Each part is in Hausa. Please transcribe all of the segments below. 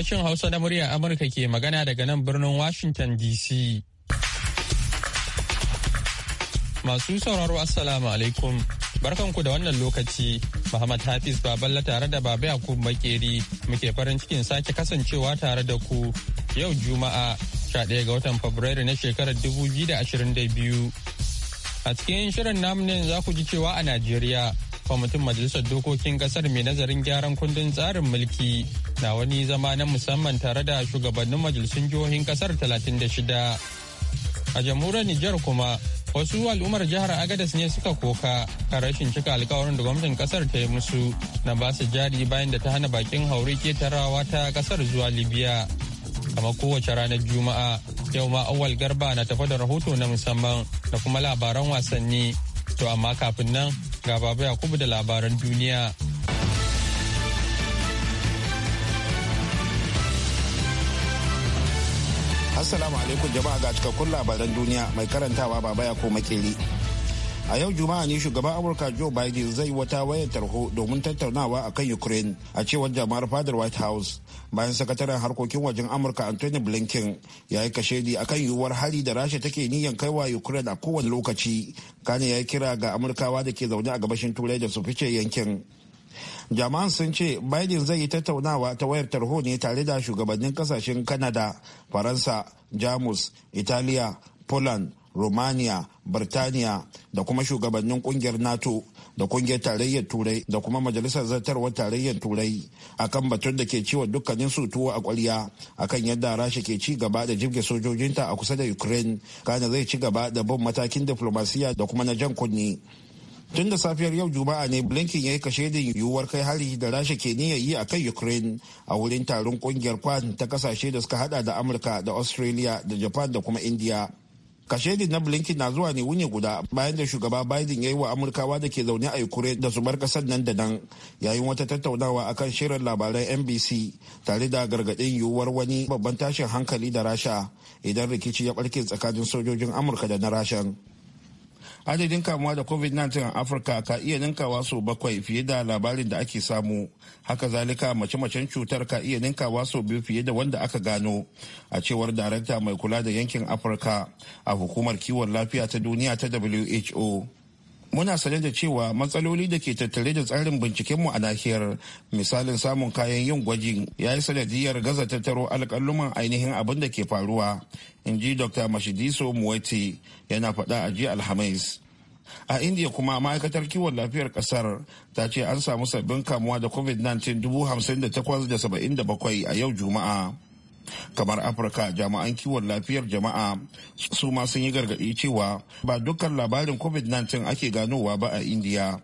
Sashen Hausa na murya Amurka ke magana daga nan birnin Washington DC. Masu sauraro Assalamu alaikum. Barkanku da wannan lokaci, Muhammad Hafiz Baballa tare da Baba Yakub Makeri muke farin cikin sake kasancewa tare da ku yau Juma'a 11 ga watan Fabrairu na shekarar 2022. A cikin shirin namunin za ku ji cewa a Najeriya kwamitin majalisar dokokin kasar mai nazarin gyaran kundin tsarin mulki na wani zama na musamman tare da shugabannin majalisun jihohin kasar 36 a jamhuriyar nijar kuma wasu al'ummar jihar agadas ne suka koka kan rashin cika alkawarin da gwamnatin kasar ta yi musu na ba su jari bayan da ta hana bakin hauri ketarawa ta kasar zuwa libya kamar kowace ranar juma'a yau ma awal garba na tafa da rahoto na musamman da kuma labaran wasanni to amma kafin nan Ga Baba Yakubu da labaran duniya. Assalamu alaikum jama'a ga cikakkun labaran duniya mai karantawa Baba Yakubu Makeri. a yau juma'a ne shugaban amurka joe biden zai wata wayar tarho domin tattaunawa a kan ukraine a cewar jama'ar fadar white house bayan sakataren harkokin wajen amurka anthony blinken ya yi kashedi a kan yiwuwar hari da rasha take niyan kaiwa ukraine a kowane lokaci kane ya yi kira ga amurkawa da ke zaune a gabashin turai da su fice yankin jama'an sun ce biden zai yi tattaunawa ta wayar tarho ne tare da shugabannin kasashen kanada faransa jamus italiya poland romania birtaniya da kuma shugabannin kungiyar nato da kungiyar tarayyar turai da kuma majalisar zartarwar tarayyar turai akan batun da ke ciwa dukkanin su tuwo a kwarya akan yadda rasha ke ci gaba da jibge sojojinta a kusa da ukraine kana zai ci gaba da bin matakin diflomasiya da kuma na jan kunni tun da safiyar yau juma'a ne blinken ya yi da yiwuwar kai hari da rasha ke niyyar yi a kan ukraine a wurin taron kungiyar kwan ta kasashe da suka hada da amurka da australia da japan da kuma india kashedi na blinken na zuwa ne wuni guda bayan da shugaba biden ya yi wa amurkawa da ke zaune a ukraine da su bar kasar nan da nan yayin wata tattaunawa akan shirin labaran nbc tare da gargaɗin yiwuwar wani babban tashin hankali da rasha idan rikici ya ɓarke tsakanin sojojin amurka da na rashan adadin kamuwa da covid-19 a afirka ka iya ninkawa sau bakwai fiye da labarin da ake samu haka zalika mace-macen cutar ka iya ninkawa sau biyu fiye da wanda aka gano a cewar darakta mai kula da yankin afirka a hukumar kiwon lafiya ta duniya ta who muna sane da cewa matsaloli da ke tattare da tsarin bincikenmu a nahiyar misalin samun kayan yin gwajin ya yi sanadiyar gaza tattaro alƙalluman ainihin abin da ke faruwa in ji dr mashidiso muwaiti yana faɗa a ji alhamis a india kuma ma'aikatar kiwon lafiyar kasar ta ce an samu sabbin kamuwa da covid-19 58,077 a yau juma'a kamar afirka jami'an kiwon lafiyar jama'a su ma sun yi gargaɗi cewa ba dukkan labarin covid-19 ake ganowa ba a indiya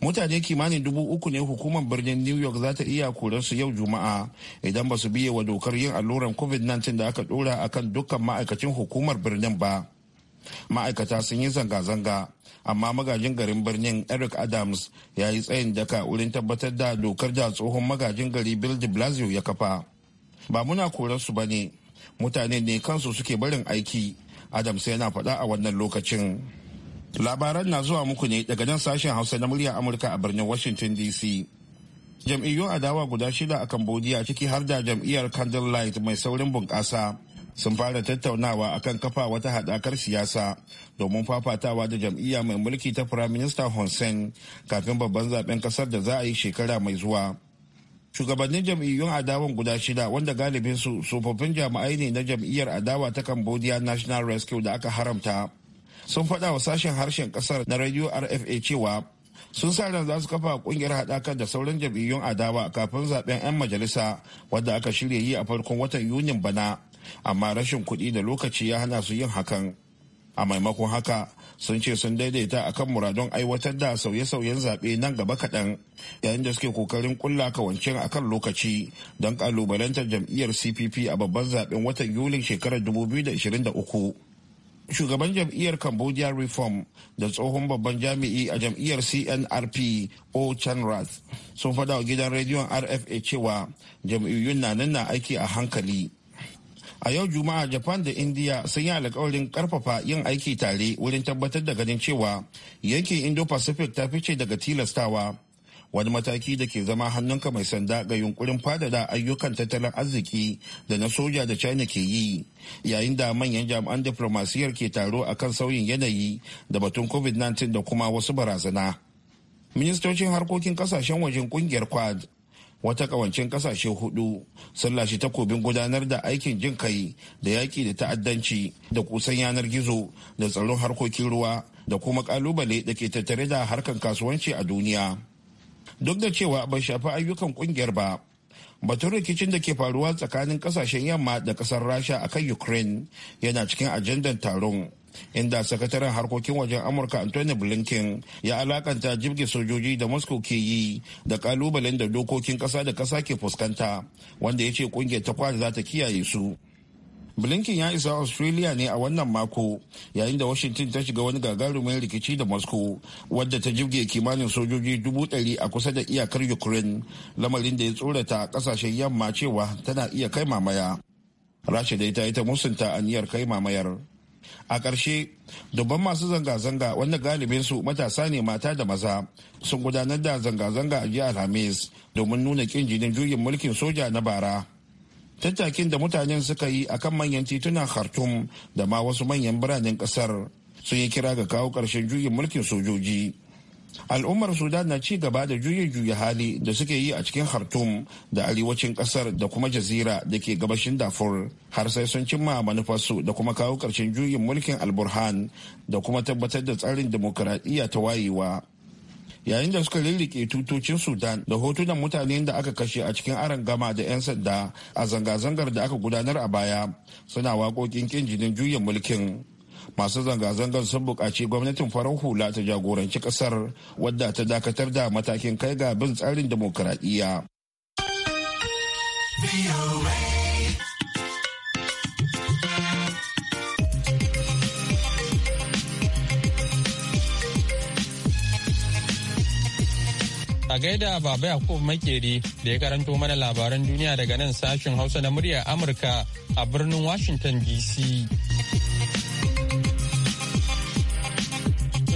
mutane kimanin dubu uku ne hukumar birnin new york za ta iya su yau juma'a idan ba su biye wa dokar yin alluran covid-19 da aka dora kan dukkan ma'aikacin hukumar birnin ba ma'aikata sun yi zanga-zanga amma magajin garin birnin eric adams ya yi tsayin daka wurin tabbatar da dokar da tsohon magajin gari bill de blasio ya kafa ba muna korar su bane mutane ne kansu suke barin aiki adams yana faɗa a wannan lokacin labaran na zuwa muku ne daga nan sashen hausa na muryar amurka a birnin washington dc jam'iyyun adawa guda shida a cambodia ciki har da jam'iyyar candlelight mai saurin bunƙasa sun fara tattaunawa akan kafa wata haɗakar siyasa domin fafatawa da jam'iyya mai mulki ta firaminista Hun Sen kafin babban zaben kasar da za a yi shekara mai zuwa. shugabannin jam'iyyun adawan guda shida wanda galibin su tsofaffin jami'ai ne na jam'iyyar adawa ta cambodia national rescue da aka haramta sun faɗa wa sashen harshen ƙasar na radio rfa cewa sun sa ran za su kafa kungiyar haɗakar da sauran jam'iyyun adawa kafin zaben 'yan majalisa wadda aka shirya yi a farkon watan yunin bana amma rashin kuɗi da lokaci ya hana su yin hakan a maimakon haka sun ce sun daidaita akan muradun aiwatar da sauye-sauyen zaɓe nan gaba kaɗan yayin da suke kokarin kulla kawancin akan lokaci don kalubalantar jam'iyyar cpp a babban zaɓen watan yulin shekarar 2023 shugaban jam'iyyar cambodia reform da tsohon babban jami'i a jam'iyyar cnrp o chanrath sun faɗawa wa gidan rediyon rfa cewa jam'iyyun na nan na aiki a hankali a yau juma'a japan da india sun yi alkawarin karfafa yin aiki tare wurin tabbatar da ganin cewa yankin indo-pacific ta fice daga tilastawa wani mataki da ke zama hannunka mai sanda ga yunkurin fadada ayyukan tattalin arziki da na soja da china ke yi yayin da manyan jami'an diflomasiyyar ke taro a kan sauyin yanayi da batun covid-19 da kuma wasu barazana ministocin harkokin kasashen wajen kungiyar quad wata kawancin kasashe hudu sun lashe takobin gudanar da aikin jin kai da yaƙi da ta'addanci da kusan yanar gizo da tsaron harkokin ruwa da kuma kalubale da ke tattare da harkar kasuwanci a duniya duk da cewa bai shafi ayyukan kungiyar ba batun rikicin da ke faruwa tsakanin kasashen yamma da kasar rasha akan ukraine yana cikin ajandan taron inda sakataren harkokin wajen amurka antony blinken ya alakanta jirgi sojoji da moscow ke yi da kalubalen da dokokin kasa da kasa ke fuskanta wanda ya ce kungiyar ta kwana za ta kiyaye su blinken ya isa australia ne a wannan mako yayin da washington ta shiga wani gagarumin rikici da moscow wadda ta jirge kimanin sojoji dubu ɗari a kusa da iyakar ukraine lamarin da ya tsorata a ƙasashen yamma cewa tana iya kai mamaya rasha dai ta yi ta musunta aniyar kai mamayar a ƙarshe dubban masu zanga-zanga wanda galibin su matasa ne mata da maza sun gudanar da zanga-zanga a jiya alhamis domin nuna kin jinin juyin mulkin soja na bara tattakin da mutanen suka yi a kan manyan titunan khartoum da ma wasu manyan biranen ƙasar sun yi kira ga kawo ƙarshen juyin mulkin sojoji al'ummar sudan na ci gaba da juye juya hali da suke yi a cikin khartoum da arewacin kasar da kuma jazira da ke gabashin dafur har sai sun cimma manufarsu da kuma kawo karshen juyin mulkin alburhan da kuma tabbatar da tsarin demokuraɗiyya ta wayewa yayin da suka lullike tutocin sudan da hotunan mutanen da aka kashe a cikin aron gama da 'yan sanda a zanga-zangar da aka gudanar a baya suna waƙoƙin kin jinin juyin mulkin masu zanga-zangar sun buƙaci gwamnatin farar hula ta jagoranci ƙasar wadda ta dakatar da matakin kai ga bin tsarin demokuraɗiyya. A gaida Baba Yakubu Makeri da ya karanto mana labaran duniya daga nan sashen Hausa na muryar Amurka a birnin Washington DC.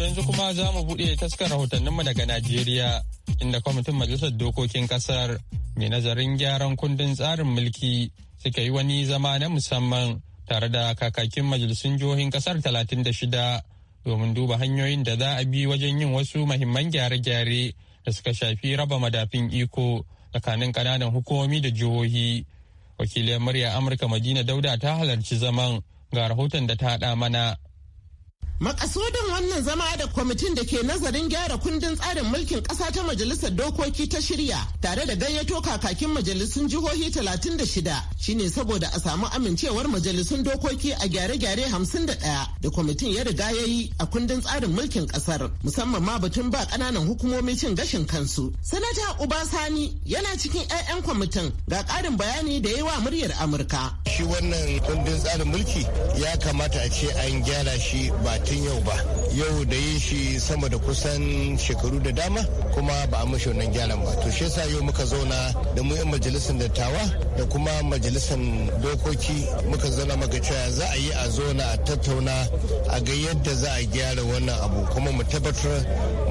yanzu kuma za mu buɗe taskar rahotanninmu daga Najeriya, inda kwamitin Majalisar Dokokin Ƙasar mai nazarin gyaran kundin tsarin mulki suka yi wani zama na musamman tare da kakakin majalisun jihohin ƙasar 36 domin duba hanyoyin da za a bi wajen yin wasu mahimman gyare-gyare da suka shafi raba madafin iko tsakanin ƙananan hukumomi da jihohi. Wakilin murya Amurka Madina Dauda ta halarci zaman ga rahoton da ta haɗa mana. Makasudin wannan zama da kwamitin da ke nazarin gyara kundin tsarin mulkin ƙasa ta majalisar dokoki ta shirya tare da gayyato kakakin majalisun jihohi 36 shine saboda a samu amincewar majalisun dokoki a gyare-gyare 51 da kwamitin ya riga yayi a kundin tsarin mulkin ƙasar musamman ma batun ba ƙananan hukumomi cin gashin kansu. Sanata Uba Sani yana cikin 'ya'yan kwamitin ga ƙarin bayani da ya wa muryar Amurka. shi wannan kundin tsarin mulki ya kamata a ce an gyara shi ba tun yau ba yau da yin shi sama da kusan shekaru da dama kuma ba a mashi wannan gyaran ba to shi yasa yau muka zauna da mu 'yan majalisar dattawa da kuma majalisar dokoki muka zauna muka cewa za a yi a zauna a tattauna a ga yadda za a gyara wannan abu kuma mu tabbatar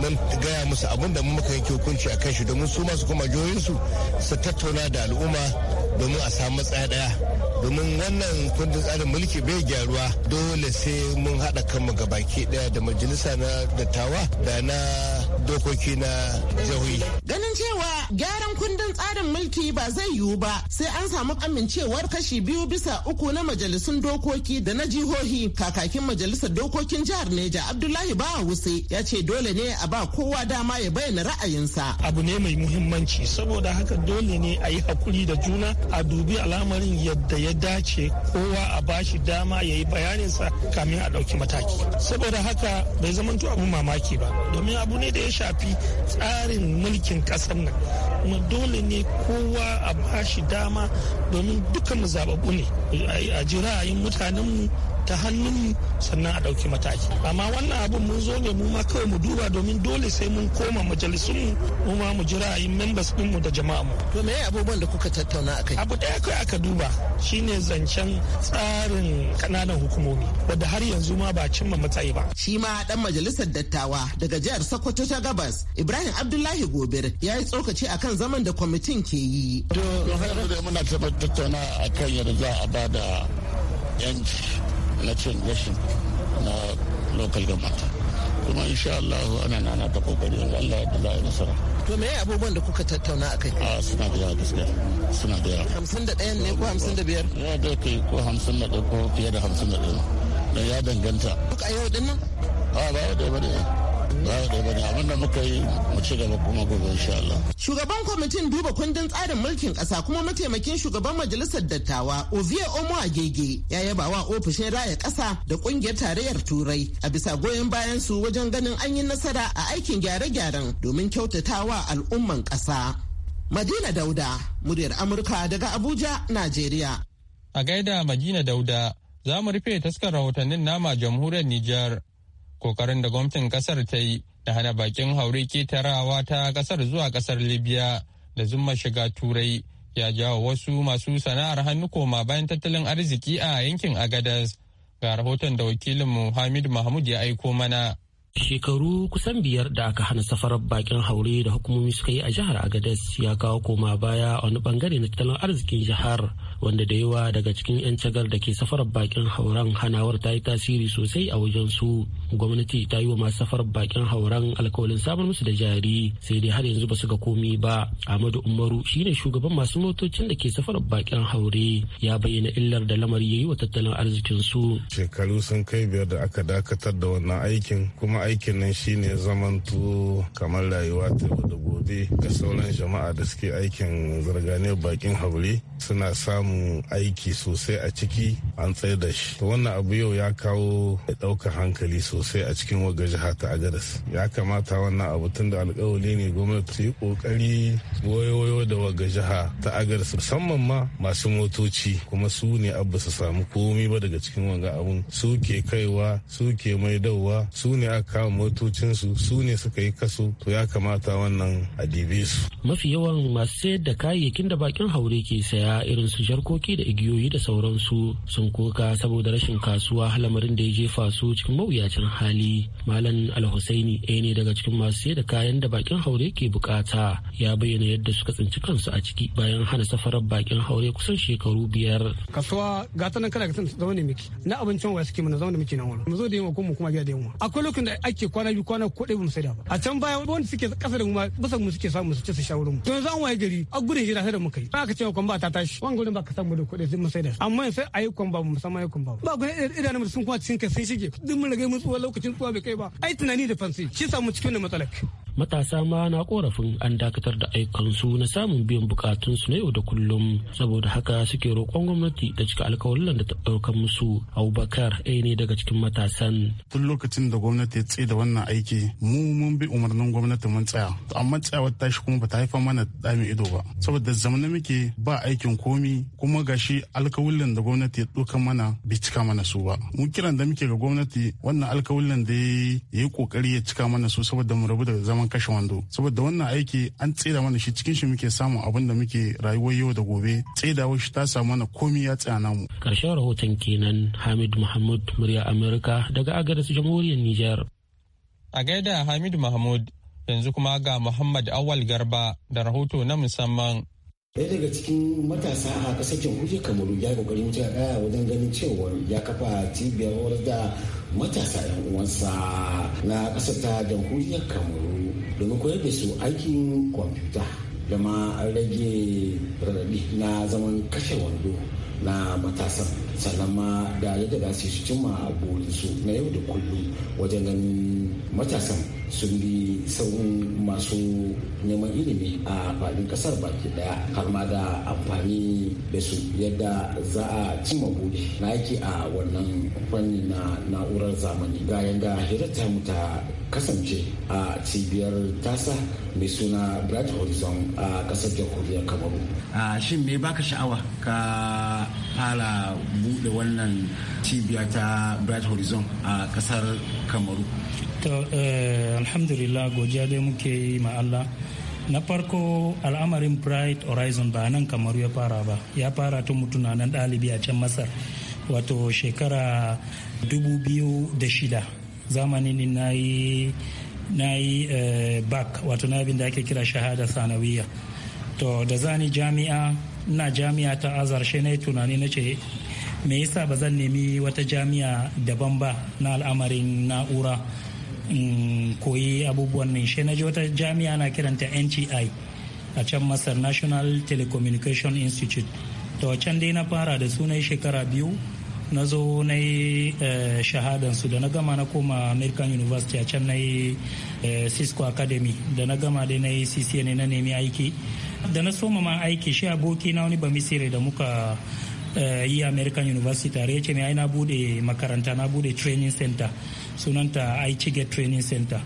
mun gaya musu abun da muka yanke hukunci a kan shi domin su masu kuma jihohinsu su tattauna da al'umma domin a samu matsaya daya domin wannan kundin tsarin mulki bai gyaruwa dole sai mun haɗa kanmu gabaki daya da majalisa na dattawa da na dokoki na jihohi. Ganin cewa gyaran kundin tsarin mulki ba zai yiwu ba sai an samu amincewar kashi biyu bisa uku na majalisun dokoki da na jihohi kakakin majalisar dokokin jihar Neja Abdullahi Bawa Wuse ya ce dole ne a ba kowa dama ya bayyana ra'ayinsa. Abu ne mai muhimmanci saboda haka dole ne a yi hakuri da juna a dubi al'amarin yadda ya dace kowa a bashi dama ya yi bayaninsa kamin a ɗauki mataki saboda haka bai zamanto abu mamaki ba domin abu ne da ya shafi tsarin mulkin ƙasar nan kuma dole ne kowa a bashi dama domin duka mu zababu ne a ji ra'ayin mutanenmu ta hannunmu sannan a ɗauki mataki amma wannan abun mun zo ne mu ma kawai mu duba domin dole sai mun koma majalisunmu mu ma mu jira yin members ɗinmu da mu. to me abubuwan da kuka tattauna akai abu ɗaya kai aka duba shine zancen tsarin kananan hukumomi wadda har yanzu ma ba cimma matsayi ba shi ma dan majalisar dattawa daga jihar sokoto ta gabas ibrahim abdullahi gobir ya yi tsokaci akan zaman da kwamitin ke yi to muna tattauna akan yadda za a ba da yanci na cin gashin na local government kuma insha Allah ana nana ta kokari yanzu Allah ya da yi nasara to me abubuwan da kuka tattauna a kai a ah, suna da yawa gaskiya suna da yawa hamsin da ɗayan ne ko hamsin da biyar ya da kai ko hamsin da ɗaya ko fiye da hamsin da ɗaya ya danganta duk a yau din nan a ah, ba da ba da bane muka yi mu gaba kuma gobe insha Allah shugaban kwamitin duba kundin tsarin mulkin kasa kuma mataimakin shugaban majalisar dattawa Ovie Omo Agege ya yaba wa ofishin raya kasa da kungiyar tarayyar Turai a bisa goyon bayan su wajen ganin an yi nasara a aikin gyare-gyaren domin kyautatawa al'umman kasa Madina Dauda, muryar Amurka daga Abuja, Najeriya. A gaida Madina Dauda, zamu rufe taskar rahotannin nama jamhuriyar Nijar kokarin da gwamnatin kasar ta yi da hana bakin haure ketarawa ta kasar zuwa kasar libya da zuma shiga turai ya jawo wasu masu sana'ar hannu koma bayan tattalin arziki a yankin agadas ga rahoton da wakilin muhammad mahmud ya aiko mana shekaru kusan biyar da aka hana safarar bakin haure da hukumomi suka yi a jihar agadas ya kawo koma baya a wani bangare na tattalin arzikin jihar wanda da yawa daga cikin 'yan cagar da ke safarar bakin hauran hanawar ta yi tasiri sosai a wajen su gwamnati ta yi wa masu safarar bakin hauran alkawalin samun musu da jari sai dai har yanzu ba su ga komi ba amadu umaru shine shugaban masu motocin da ke safarar bakin haure ya bayyana illar da lamari ya yi wa tattalin arzikin su shekaru sun kai biyar da aka dakatar da wannan aikin kuma aikin nan shine zamantu kamar rayuwa ta da gobe ga sauran jama'a da suke aikin zirganiyar bakin haure suna samun samu aiki sosai a ciki an tsaye da shi wannan abu yau ya kawo ya ɗauka hankali sosai a cikin waga jiha ta agadas ya kamata wannan abu tun da alkawali ne gwamnati ta yi ƙoƙari wayoyo da waga jiha ta agadas musamman ma masu motoci kuma su ne abu su samu komi ba daga cikin wanga abun su ke kaiwa su ke maidawa su ne aka kama motocinsu su ne suka yi kaso to ya kamata wannan a dibe su mafi yawan masu sayar da kayayyakin da bakin haure ke saya irin su harkoki da igiyoyi da sauransu sun koka saboda rashin kasuwa lamarin da ya jefa su cikin mawuyacin hali malam alhusaini ɗaya ne daga cikin masu sai da kayan da bakin haure ke bukata ya bayyana yadda suka tsinci kansu a ciki bayan hana safarar bakin haure kusan shekaru biyar kasuwa gata nan kana ga zama ne miki na abincin wa suke mana zama da muke nan wani mu zo da yamma ko mu kuma gida da yamma akwai lokacin da ake kwana biyu kwana ko ɗaya ba mu sai da ba a can baya wanda suke kasa da mu ba mu suke samu su ci su shawarar mu to yanzu an waye gari a gudun hira sai da kai ba ka ce wa ba ta tashi wani gudun ba ka samu da kuɗi sun sai da su amma sai ayyukan ba mu musamman ayyukan ba ba idan mu sun kuma cikin kai sun shige duk mun rage mun tsuwa lokacin tsuwa bai kai ba ai tunani da fansi shi mu cikin da matsalar matasa ma na korafin an dakatar da ayyukansu na samun biyan bukatunsu na yau da kullum saboda haka suke roƙon gwamnati da cika alkawarin da ta ɗaukar musu abubakar ɗaya ne daga cikin matasan tun lokacin da gwamnati ya tsaye da wannan aiki mu mun bi umarnin gwamnati mun tsaya amma tsayawar tashi kuma ba ta haifar mana ɗami ido ba saboda zamanin muke ba aikin komi kuma gashi alkawulin da gwamnati ya ɗauka mana bai cika mana su ba mu kiran da muke ga gwamnati wannan alkawulin da ya yi kokari ya cika mana su saboda mu rabu da zaman kashe wando saboda wannan aiki an tsira mana shi cikin shi muke samun abin da muke rayuwar yau da gobe tsedawa shi ta samu mana komi ya tsaya namu karshen rahoton kenan hamid mahmud murya Amerika daga agadas jamhuriyar niger a gaida hamid mahmud yanzu kuma ga muhammad awal garba da rahoto na musamman ɗaya daga cikin matasa a ƙasar kuje kamaru ya kokari mutu ya kaya wajen ganin cewa ya kafa cibiyar horar da matasa yan uwansa na ƙasar ta jamhuriyar kamaru domin koyar da su aikin kwamfuta da ma rage raɗaɗi na zaman kashe wando na matasan sannan ma da yadda za su cimma su na yau da kullum wajen ganin matasan sun bi saurin masu neman ilimi a faɗin ƙasar baki ɗaya har ma da amfani da su yadda za a cimma buɗe na yake a wannan fanni na na'urar zamani ga yadda hirarta mu ta kasance a cibiyar tasa mai suna bright horizon a ƙasar jamhuriyar kamaru a shin me baka sha'awa ka fara buɗe wannan cibiya ta bright horizon a ƙasar kamaru eh, alhamdulillah godiya dai muke yi ma Allah na farko al'amarin bright horizon ba nan kamar ya fara ba ya fara tun mutuna nan ɗalibi a can masar wato shekara 2006 zamanin na yi na yi eh, back wato na abin da ake kira shahada sanawiya to da zani jami'a na jami'a ta azar shi na tunani na ce me yasa ba zan nemi wata jami'a daban ba na al'amarin na'ura in koyi abubuwan nan shi na ji wata jami'a na kiranta nti a can masar national telecommunication institute ta wacan dai na fara da suna shekara biyu na zo na yi eh, shahadansu da na gama na koma american university a can na yi eh, cisco academy da na gama dai na yi ccna na nemi aiki da na soma ma aiki shi aboki na wani bamisire da muka Eh, yi american university tare ya ce mai na bude makaranta na bude training center sunanta aichige training center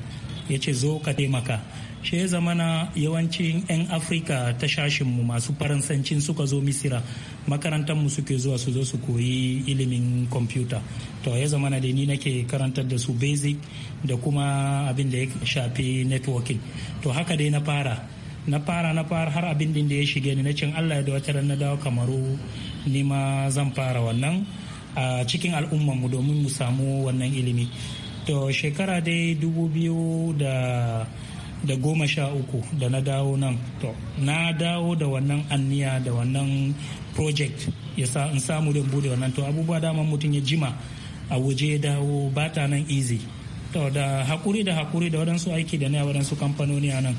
ya ce zo ka taimaka shi ya zamana yawancin 'yan afirka ta shashinmu masu faransancin suka zo misira makarantarmu suke zuwa su zo su koyi ilimin kwamfuta to ya zamana da ni nake karantar da su basic da kuma abin da ya shafi networking to haka dai na fara na fara na fara har abin din da ya shige ni na cin allah da wata ran na dawo kamaru ni ma zan fara wannan a cikin al'umman mu domin mu samu wannan ilimi to shekara dai dubu biyu da da goma sha uku da na dawo nan to na dawo da wannan anniya da wannan project ya sa in samu da bude wannan to abubuwa dama mutum ya jima a waje ya dawo ba ta nan easy to da hakuri da hakuri da waɗansu aiki da na waɗansu kamfanoni a nan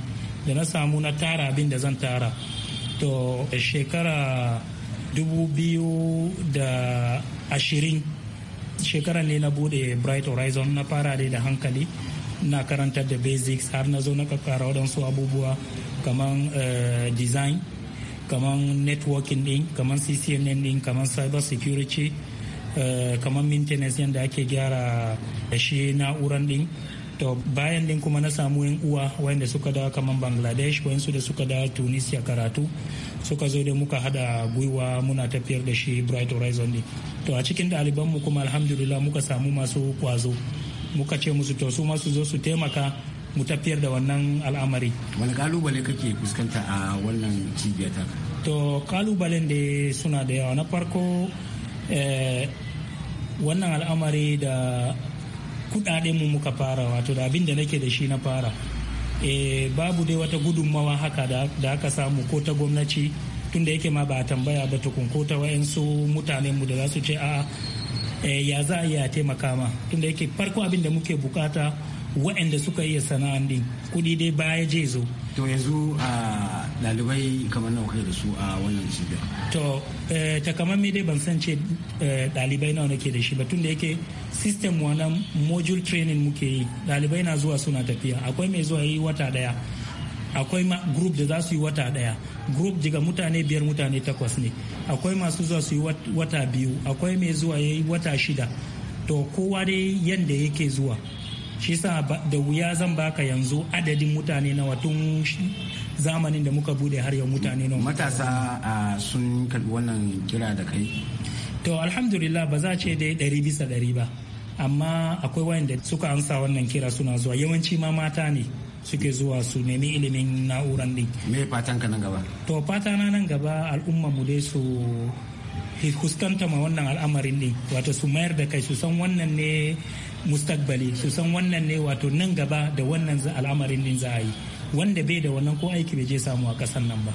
da na samu na tara abin da zan tara to shekara dubu biyu da ashirin shekara ne na bude bright horizon na fara dai da hankali na karanta da basics har na zo na kakara waɗansu abubuwa kamar eh, design kaman networking din kamar ccnn din kaman cyber security eh, kaman maintenance yadda ake gyara da shi na'uran din to bayan din kuma na samu yan uwa wayanda suka da kaman bangladesh wayansu da suka da tunisia karatu suka zo da muka hada gwiwa muna tafiyar da shi bright horizon din to a cikin ɗaliban mu kuma alhamdulillah muka samu masu kwazo muka ce musu to su masu zo su taimaka mu tafiyar da wannan al'amari wani kalubale kake fuskanta a wannan cibiyar to kalubalen da suna da yawa na farko eh, wannan al'amari da kudaden mu muka fara wato da abin da nake da shi na fara e, babu dai wata gudunmawa haka da, aka samu ko ta gwamnati tunda yake ma ba a tambaya ba ta ko ta wayansu mutanen mu da za su ce a'a eh, ya za a a taimaka ma tunda yake farko abin da muke bukata waɗanda suka iya sana'an din kuɗi dai baya je zo to yanzu a ɗalibai kamar nawa kai da su a wannan cibiyar to eh, takamaimai dai ban san ce eh, ɗalibai nawa nake da shi ba tun da yake system wannan module training muke yi ɗalibai na zuwa suna tafiya akwai mai zuwa yi wata ɗaya akwai group da za su yi wata daya group daga mutane biyar mutane takwas ne akwai masu zuwa su yi wata biyu akwai mai zuwa yi wata shida to kowa dai yadda yake zuwa shi sa da wuya zan baka yanzu adadin mutane nawa tun zamanin da muka bude har yau mutane nawa matasa ah, sun karbi wannan kira da kai to alhamdulillah ba za ce dai ɗari bisa ɗari ba amma akwai wayanda suka ansa wannan kira suna zuwa yawanci ma mata ne suke zuwa su nemi ilimin na'uran din me fatan ka nan gaba to fata na nan gaba al'umma mu dai su fuskanta ma wannan al'amarin din wato su mayar da kai su san wannan ne mustakbali su san wannan ne wato nan gaba da wannan al'amarin din za a yi wanda bai da wannan ko aiki bai je samu a kasan nan ba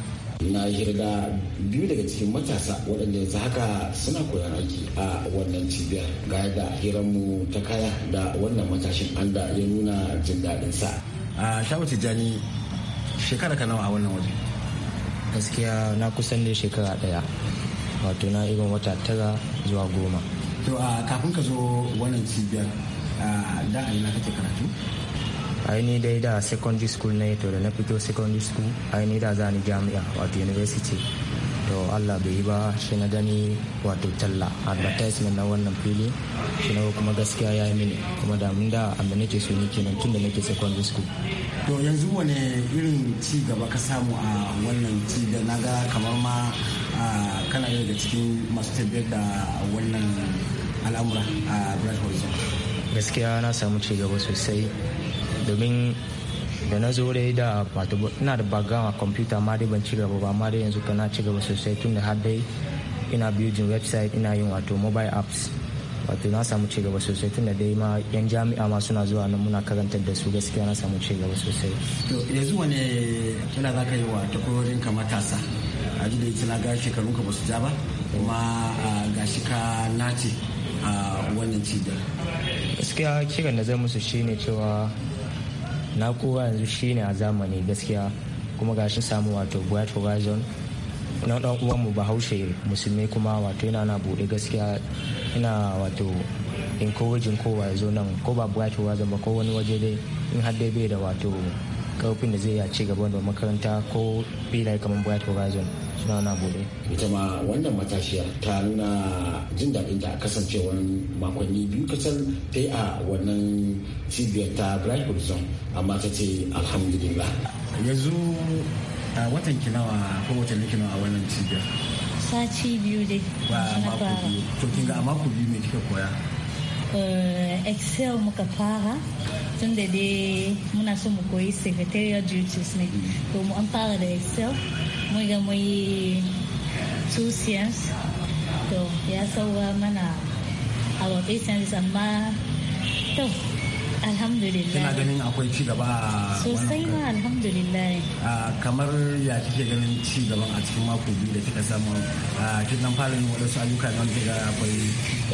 na hirga biyu daga cikin matasa waɗanda yanzu haka suna koyar aiki a wannan cibiyar ga yadda hiranmu ta kaya da wannan matashin an da ya nuna jin daɗin sa a shawarci jani shekara ka nawa a wannan waje gaskiya na kusan da shekara ɗaya wato na irin wata tara zuwa goma to a kafin ka zo wannan cibiyar Ah, da a na kake karatu aini dai da secondary school na to da na fito secondary school aini da za ni jami'a wato university to allah bai yi ba shi na gani wato talla advertisement na wannan fili shi na kuma gaskiya ya yi mini kuma da mun da amma nake so ni kenan tun da nake secondary school to yanzu wane irin ci gaba ka samu a wannan ci da na ga kamar ma kana yau da cikin masu tafiyar da wannan al'amura a bright horizon gaskiya na samu cigaba sosai domin da na zo dai da wato ina da background a kwamfuta ma dai ban cigaba ba amma dai yanzu kana ci sosai tun da har dai ina building website ina yin wato mobile apps wato na samu cigaba sosai tun da dai ma yan jami'a ma suna zuwa nan muna karantar da su gaskiya na samu cigaba sosai to yanzu wane kila za ka yi wa takwarorin ka matasa a jini kila ga shekarun ka ba su ja ba kuma ga shi ka nace a wannan cigaba gaskiya kiran da zai musu shine cewa na kowa yanzu shine a zamani gaskiya kuma ga shi samu wato bright horizon na dan mu bahaushe musulmi kuma wato yana na bude gaskiya ina wato encouraging kowa ya zo nan ko ba bright horizon ba ko wani waje dai in har dai bai da wato karfin da zai yi a ci gaba da makaranta ko filaye kamar bright horizon suna na bude ita ma wannan matashiya ta nuna jin daɗin da kasancewar makonni biyu kasar ta yi a wannan cibiyar ta bright horizon amma ta ce alhamdulillah yanzu a watan kinawa ko watanni kinawa a wannan cibiyar sati biyu dai ba mako biyu to kinga a mako biyu me kika koya Eh, excel muka fara tun da dai muna so mu koyi secretarial duties ne to mu an fara da excel mun ga mu yi two science to ya saura mana our patients amma to alhamdulillah kina ganin akwai ci gaba sosai ma alhamdulillah kamar ya kike ganin ci gaban a cikin mako biyu da kika samu a kin dan fara yin wadansu ayyuka nan kika akwai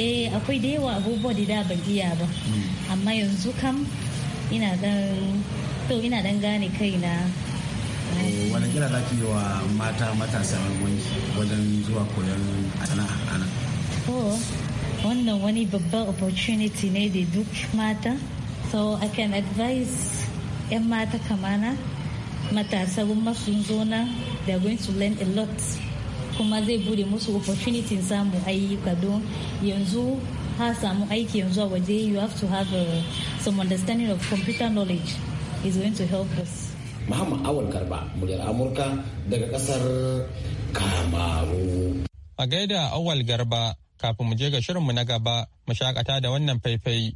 eh akwai da yawa abubuwa da da ban iya ba hmm. amma yanzu kam ina dan to ina dan gane kaina eh, wani kira za ki yi wa mata matasa wani wajen zuwa koyon sana'a a nan oh, wannan wani babban opportunity ne da duk mata So I can advise 'yan mata kamana matasa kuma sun zo na they are going to learn a lot kuma zai bude musu opportunity samun ayyuka don yanzu ha samu aiki yanzu a waje you have to have a, uh, some understanding of computer knowledge is going to help us. Muhammad Awal Garba, muryar Amurka daga kasar Kamaru. A gaida Awal Garba kafin mu je ga shirinmu na gaba mu shakata da wannan faifai.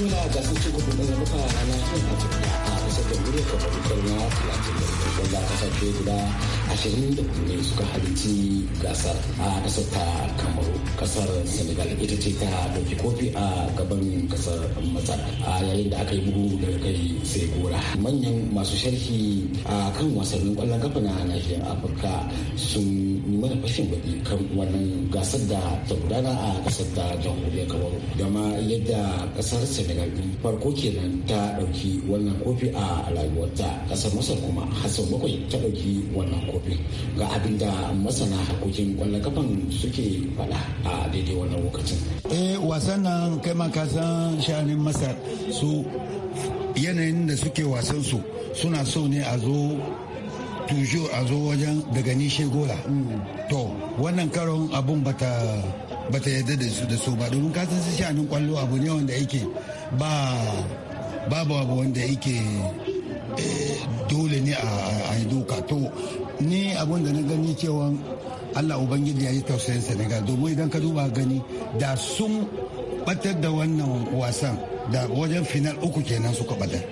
Jamila ga sun ci gaba da zaruka a nahiyar Afirka a kasar jamhuriyar kamar kwarna talatin da biyar wanda kasashe guda ashirin da kuma suka halici gasar a kasar ta Kamaru. Kasar Senegal ita ce ta ɗauki kofi a gaban kasar Masar a yayin da aka yi bugu daga kai sai gora. Manyan masu sharhi a kan wasannin kwallon kafa na nahiyar Afirka sun yi mana fashin baki kan wannan gasar da ta gudana a kasar ta jamhuriyar Kamaru. Gama yadda kasar Senegal senegal din farko kenan ta ɗauki wannan kofi a rayuwarta ƙasar masar kuma hassan bakwai ta ɗauki wannan kofi ga abin da masana hakukin kwallon kafan suke faɗa a daidai wannan lokacin eh wasan nan kai ma ka san sha'anin masar su yanayin da suke wasan su suna so ne a zo tujo a zo wajen daga nishe gola mm. to wannan karon abun bata ba ta yarda da su da su ba domin ka san su sha'anin kwallo abu ne wanda yake ba babu abu wanda yake eh, dole ne a yi doka to ni abu da na gani cewa allah ubangiji ya yi tausayin senegal domin idan ka duba gani da sun batar da wannan wasan da wajen final uku kenan suka batar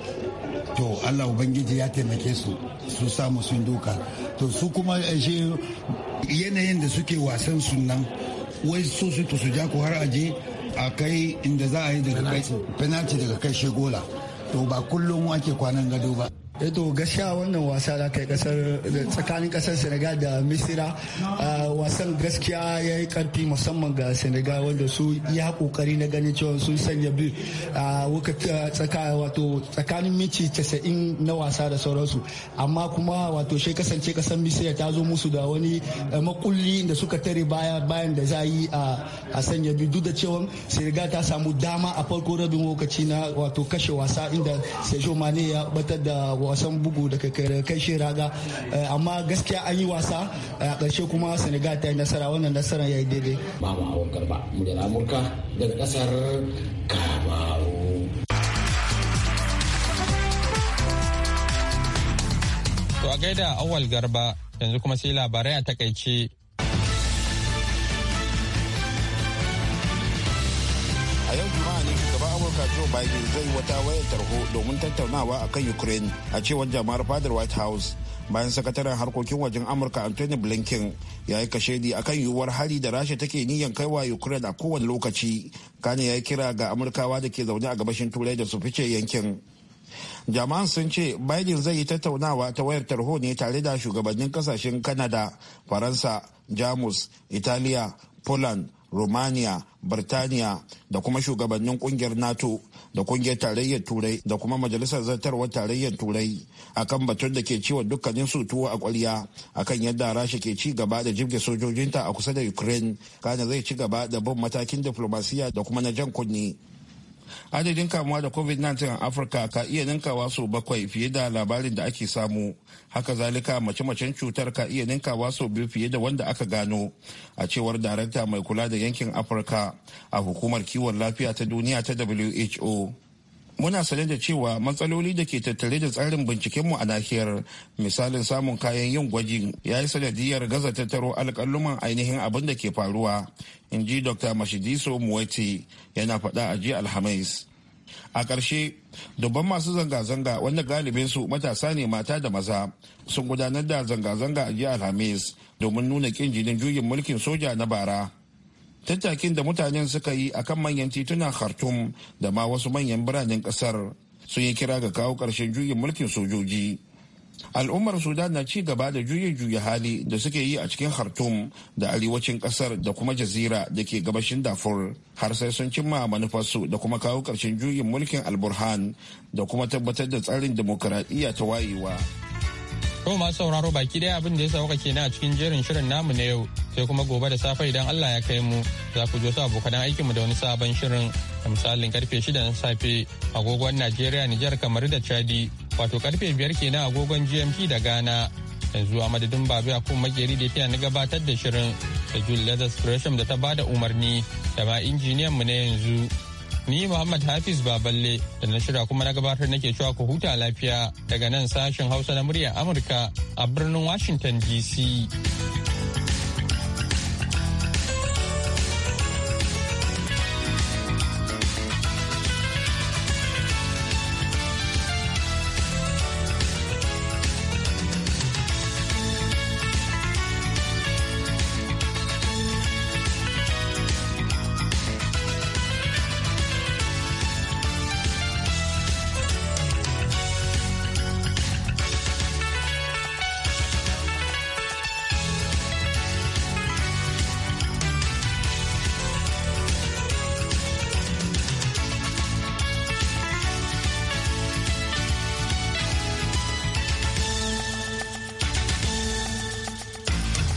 to allah ubangiji ya taimake su su samu sun doka to su kuma eh, yanayin da suke wasan sunan wai so su su ja ku har aje a kai inda za a yi daga kai penalty daga kai gola to ba kullum ake kwanan gado ba eto eh, gaskiya wannan wasa da kai kasar tsakanin kasar senegal da misira wasan gaskiya ya yi karfi musamman ga senegal wanda su ya kokari na ganin cewa sun sanya biyu wato tsakanin minti 90 na wasa da sauransu amma kuma wato shi kasance kasar misira ta zo musu da wani eh, makulli da suka tare baya bayan da za yi a sanya biyu duk da cewa senegal ta samu dama a farko rabin lokaci na wato kashe wasa inda sejo mane ya batar da wasan bugu da kai shi raga eh, amma gaskiya an yi wasa eh, a ƙarshe kuma senegal ta yi nasara wannan nasara ya yi daidai ba mu hawan karba mu da amurka daga ƙasar kamaru to a gaida awal garba yanzu kuma sai labarai a takaice Joe Biden zai wata wayar tarho domin tattaunawa a kan Ukraine a cewar jama'ar fadar White House bayan sakataren harkokin wajen Amurka Anthony Blinken ya yi kashedi a kan yiwuwar hari da Rasha take niyan kaiwa Ukraine a kowane lokaci. Kane ya yi kira ga Amurkawa da ke zaune a gabashin Turai da su fice yankin. jama'an sun ce biden zai yi tattaunawa ta wayar tarho ne tare da shugabannin kasashen Kanada, faransa jamus italiya poland romania birtaniya da kuma shugabannin kungiyar nato da kungiyar tarayyar turai da kuma majalisar zartarwar tarayyar turai akan batun da ke ciwon dukkanin su tuwo a kwarya akan yadda rasha ke ci gaba da jibge sojojinta a kusa da ukraine kana zai ci gaba da bin matakin diflomasiya da kuma na jan kunni adadin kamuwa da covid-19 a afirka ka iya ninkawa sau bakwai fiye da labarin da ake samu haka zalika mace-macen cutar ka iya ninkawa sau biyu fiye da wanda aka gano a cewar darakta mai kula da yankin afirka a hukumar kiwon lafiya ta duniya ta who muna sane da cewa matsaloli da ke tattare da tsarin bincikenmu a nahiyar misalin samun kayan yin gwaji ya yi sanadiyar gaza tattaro alƙalluman ainihin abin da ke faruwa in ji dr mashidiso muwaiti yana faɗa a ji alhamis a ƙarshe dubban masu zanga-zanga wanda galibin su matasa ne mata da maza sun gudanar da zanga-zanga a jiya alhamis domin nuna ƙin jinin juyin mulkin soja na bara tattakin da mutanen suka yi a kan manyan titunan khartoum da ma wasu manyan biranen kasar sun yi kira ga kawo ƙarshen juyin mulkin sojoji al'ummar sudan na ci gaba da juyin juya hali da suke yi a cikin khartoum da arewacin kasar da kuma jazira da ke gabashin dafur har sai sun cimma manufarsu da kuma kawo ƙarshen juyin mulkin alburhan da kuma tabbatar da tsarin dimokuraɗiyya ta wayewa. kuma masu sauraro baki daya abin da ya sauka kenan a cikin jerin shirin namu na yau sai kuma gobe da safe idan Allah ya kai mu za ku jo su abokan aikin mu da wani sabon shirin da misalin karfe 6 na safe agogon Najeriya Nijar kamar da Chadi wato karfe 5 kenan agogon GMT da Ghana yanzu a madadin babu ya kuma makeri da ta na gabatar da shirin da Julius Gresham da ta bada umarni da ma injiniyan mu na yanzu Ni Muhammad Hafiz Baballe da na shirya kuma na gabatar nake cewa ku huta lafiya daga nan sashen Hausa na muryar Amurka a birnin Washington DC.